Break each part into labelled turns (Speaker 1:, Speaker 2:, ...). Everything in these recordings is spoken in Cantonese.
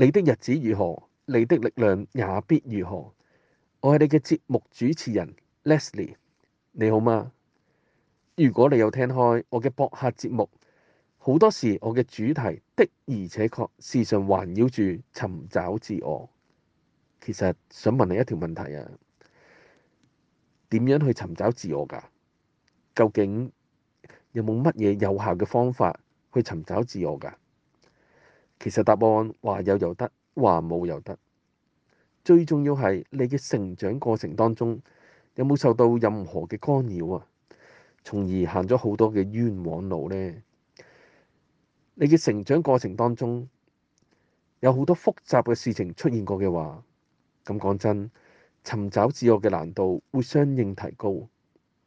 Speaker 1: 你的日子如何，你的力量也必如何。我係你嘅節目主持人 Leslie，你好嗎？如果你有聽開我嘅博客節目，好多時我嘅主題的而且確時常環繞住尋找自我。其實想問你一條問題啊，點樣去尋找自我噶？究竟有冇乜嘢有效嘅方法去尋找自我噶？其實答案話有又得，話冇又得。最重要係你嘅成長過程當中有冇受到任何嘅干擾啊？從而行咗好多嘅冤枉路咧。你嘅成長過程當中有好多複雜嘅事情出現過嘅話，咁講真，尋找自我嘅難度會相應提高，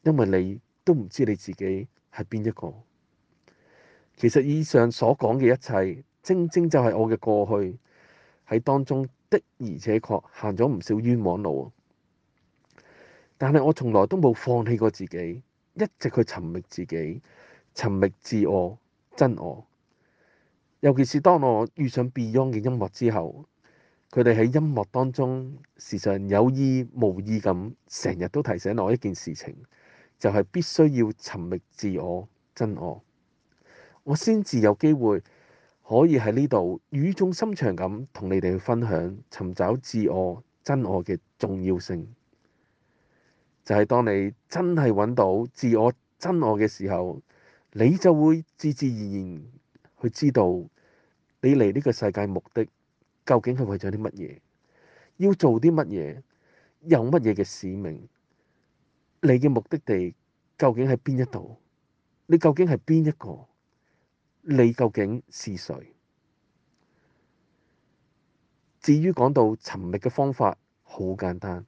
Speaker 1: 因為你都唔知你自己係邊一個。其實以上所講嘅一切。正正就係我嘅過去喺當中的，而且確行咗唔少冤枉路。但係我從來都冇放棄過自己，一直去尋覓自己、尋覓自我、真我。尤其是當我遇上 Beyond 嘅音樂之後，佢哋喺音樂當中，時常有意無意咁成日都提醒我一件事情，就係必須要尋覓自我、真我，我先至有機會。可以喺呢度語重心長咁同你哋去分享，尋找自我真我嘅重要性。就係、是、當你真係揾到自我真我嘅時候，你就會自自然然去知道你嚟呢個世界目的究竟係為咗啲乜嘢，要做啲乜嘢，有乜嘢嘅使命，你嘅目的地究竟係邊一度，你究竟係邊一個？你究竟是誰？至於講到尋覓嘅方法，好簡單。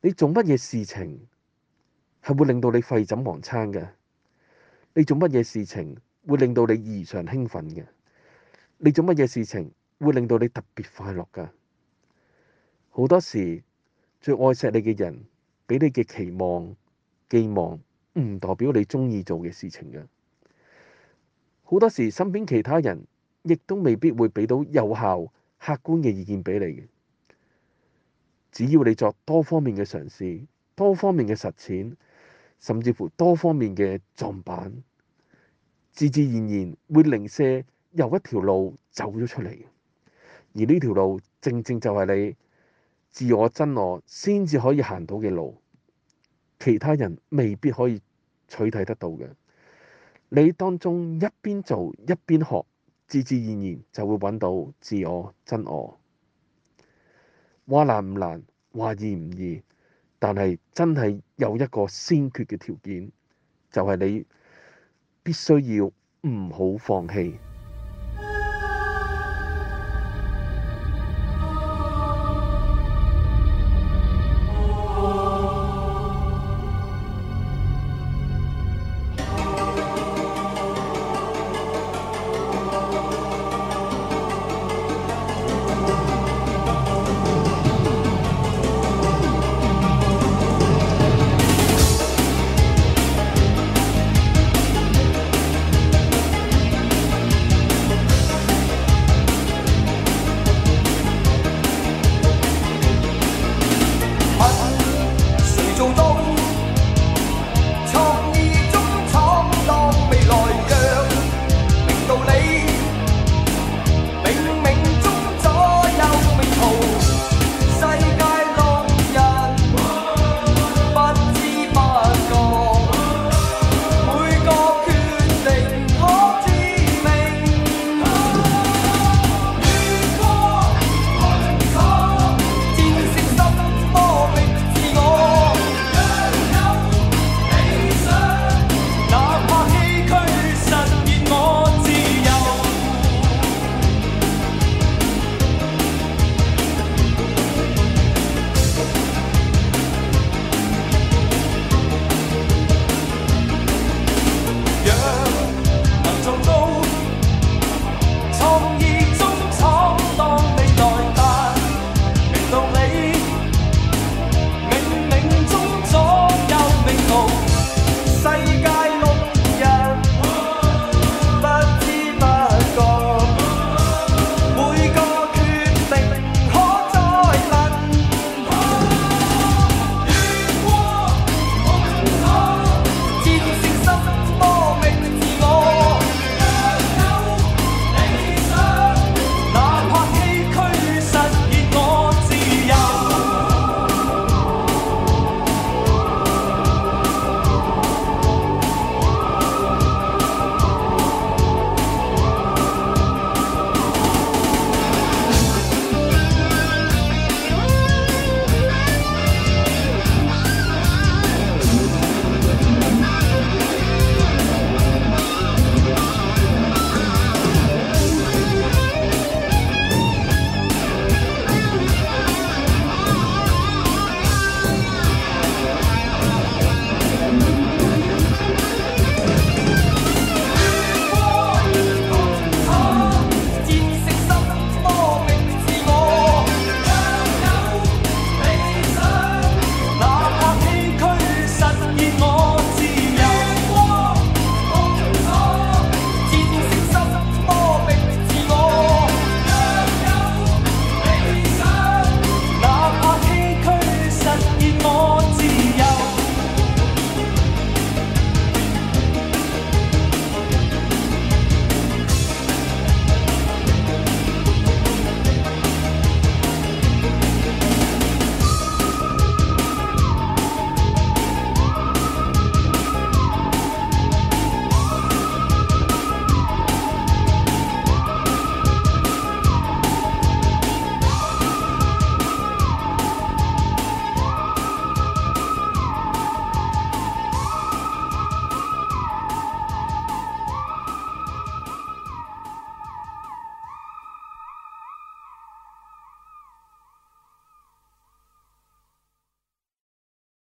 Speaker 1: 你做乜嘢事情係會令到你廢寢忘餐嘅？你做乜嘢事情會令到你異常興奮嘅？你做乜嘢事情會令到你特別快樂嘅？好多時最愛錫你嘅人，畀你嘅期望、寄望，唔代表你鍾意做嘅事情嘅。好多時身邊其他人亦都未必會俾到有效客觀嘅意見俾你嘅，只要你作多方面嘅嘗試、多方面嘅實踐，甚至乎多方面嘅撞板，自自然然會零舍又一條路走咗出嚟，而呢條路正正就係你自我真我先至可以行到嘅路，其他人未必可以取替得到嘅。你當中一邊做一邊學，自自然然就會搵到自我真我。話難唔難，話易唔易，但係真係有一個先決嘅條件，就係你必須要唔好放棄。